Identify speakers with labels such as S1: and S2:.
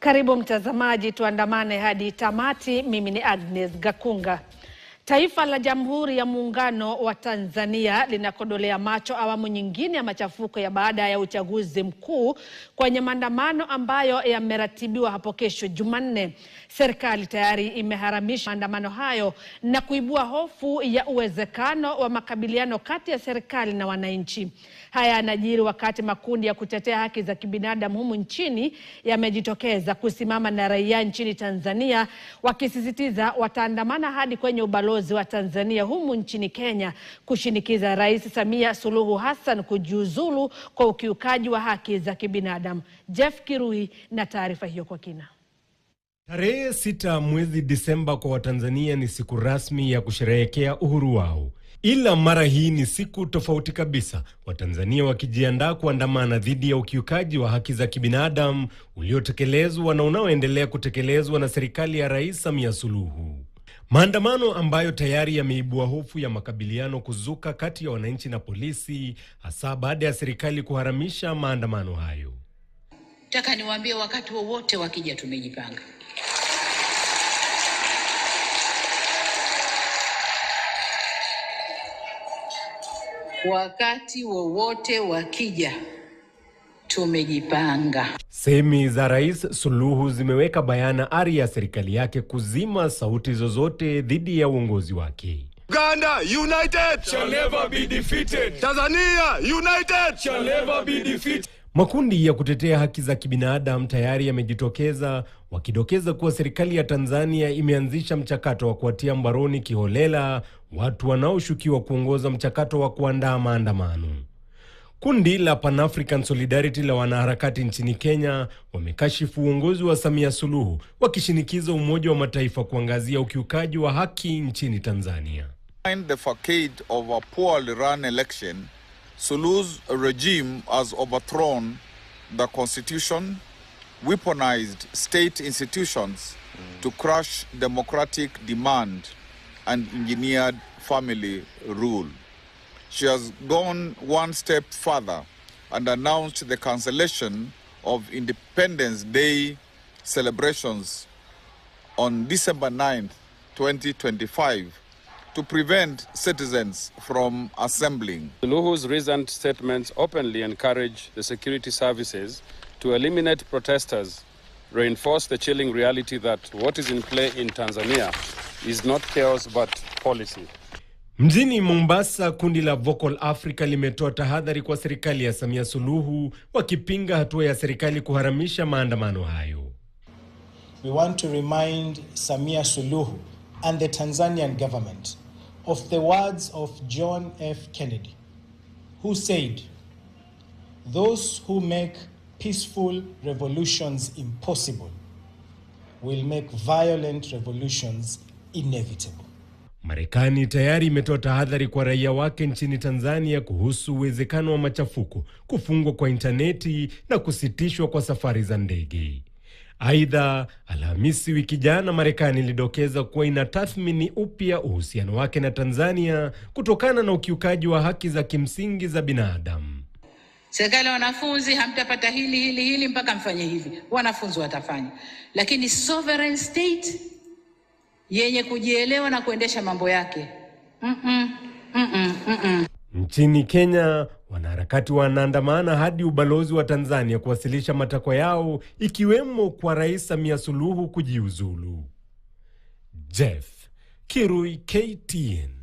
S1: Karibu mtazamaji, tuandamane hadi tamati. Mimi ni Agnes Gakunga. Taifa la Jamhuri ya Muungano wa Tanzania linakodolea macho awamu nyingine ya machafuko ya baada ya uchaguzi mkuu kwenye maandamano ambayo yameratibiwa hapo kesho Jumanne. Serikali tayari imeharamisha maandamano hayo na kuibua hofu ya uwezekano wa makabiliano kati ya serikali na wananchi. Haya yanajiri wakati makundi ya kutetea haki za kibinadamu humu nchini yamejitokeza kusimama na raia nchini Tanzania wakisisitiza wataandamana hadi kwenye ubalozi ubalozi wa Tanzania humu nchini Kenya kushinikiza Rais Samia Suluhu Hassan kujiuzulu kwa ukiukaji wa haki za kibinadamu. Jeff Kirui na taarifa hiyo kwa kina.
S2: Tarehe sita mwezi Disemba kwa Watanzania ni siku rasmi ya kusherehekea uhuru wao, ila mara hii ni siku tofauti kabisa, Watanzania wakijiandaa kuandamana dhidi ya ukiukaji wa haki za kibinadamu uliotekelezwa na unaoendelea kutekelezwa na serikali ya Rais Samia Suluhu. Maandamano ambayo tayari yameibua hofu ya makabiliano kuzuka kati ya wananchi na polisi, hasa baada ya serikali kuharamisha maandamano hayo.
S3: Nataka niwaambie, wakati wowote wakija, tumejipanga. Wakati wowote wakija Tumejipanga.
S2: Sehemi za Rais Suluhu zimeweka bayana ari ya serikali yake kuzima sauti zozote dhidi ya uongozi wake.
S4: Uganda united shall never be defeated. Tanzania united shall never be defeated.
S2: Makundi ya kutetea haki za kibinadamu tayari yamejitokeza wakidokeza kuwa serikali ya Tanzania imeanzisha mchakato wa kuwatia mbaroni kiholela watu wanaoshukiwa kuongoza mchakato wa kuandaa maandamano. Kundi la Pan African Solidarity la wanaharakati nchini Kenya wamekashifu uongozi wa Samia Suluhu wakishinikiza Umoja wa Mataifa kuangazia ukiukaji wa haki nchini Tanzania.
S5: Behind the facade of a poorly run election, Suluhu's regime has overthrown the constitution, weaponized state institutions to crush democratic demand and engineered family rule. she has gone one step further and announced the cancellation of Independence Day celebrations on December 9th, 2025 to prevent citizens from assembling.
S6: Luhu's recent statements openly encourage the security services to eliminate protesters, reinforce the chilling reality that what is in play in Tanzania is not chaos but policy.
S2: Mjini Mombasa, kundi la Vocal Africa limetoa tahadhari kwa serikali ya Samia Suluhu wakipinga hatua ya serikali kuharamisha maandamano hayo.
S7: We want to remind Samia Suluhu and the Tanzanian government of the words of John F Kennedy who said those who make peaceful revolutions impossible will make violent revolutions inevitable.
S2: Marekani tayari imetoa tahadhari kwa raia wake nchini Tanzania kuhusu uwezekano wa machafuko, kufungwa kwa intaneti na kusitishwa kwa safari za ndege. Aidha, Alhamisi wiki jana, Marekani ilidokeza kuwa inatathmini upya uhusiano wake na Tanzania kutokana na ukiukaji wa haki za kimsingi za binadamu.
S3: Serikali ya wanafunzi, hamtapata hili hili hili mpaka mfanye hivi. Wanafunzi watafanya, lakini sovereign state yenye kujielewa na kuendesha mambo yake. mm -mm,
S2: mm -mm, mm -mm. Nchini Kenya wanaharakati wanaandamana hadi ubalozi wa Tanzania kuwasilisha matakwa yao ikiwemo kwa Rais Samia Suluhu kujiuzulu. Jeff Kirui, KTN.